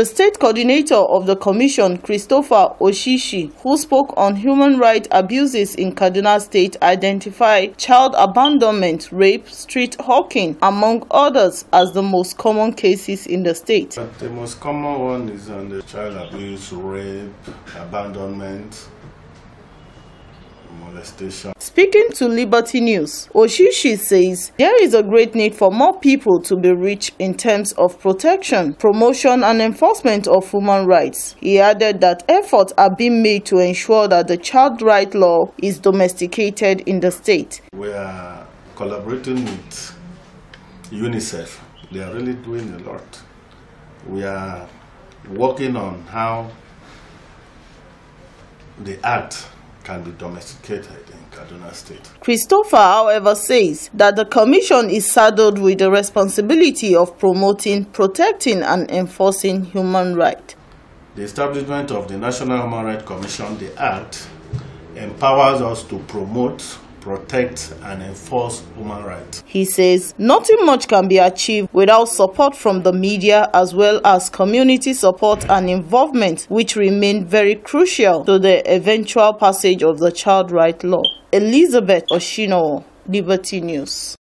The state coordinator of the commission, Christopher Oshishi, who spoke on human rights abuses in Kaduna State, identified child abandonment, rape, street hawking, among others, as the most common cases in the state. But the most common one is on the child abuse, rape, abandonment, molestation. Speaking to Liberty News, Oshishi says there is a great need for more people to be rich in terms of protection, promotion, and enforcement of human rights. He added that efforts are being made to ensure that the child right law is domesticated in the state. We are collaborating with UNICEF. They are really doing a lot. We are working on how the act can be domesticated in Kaduna State. Christopher, however, says that the Commission is saddled with the responsibility of promoting, protecting, and enforcing human rights. The establishment of the National Human Rights Commission, the Act, empowers us to promote, protect and enforce human rights. He says nothing much can be achieved without support from the media as well as community support and involvement which remain very crucial to the eventual passage of the child right law. Elizabeth Oshino, Liberty News.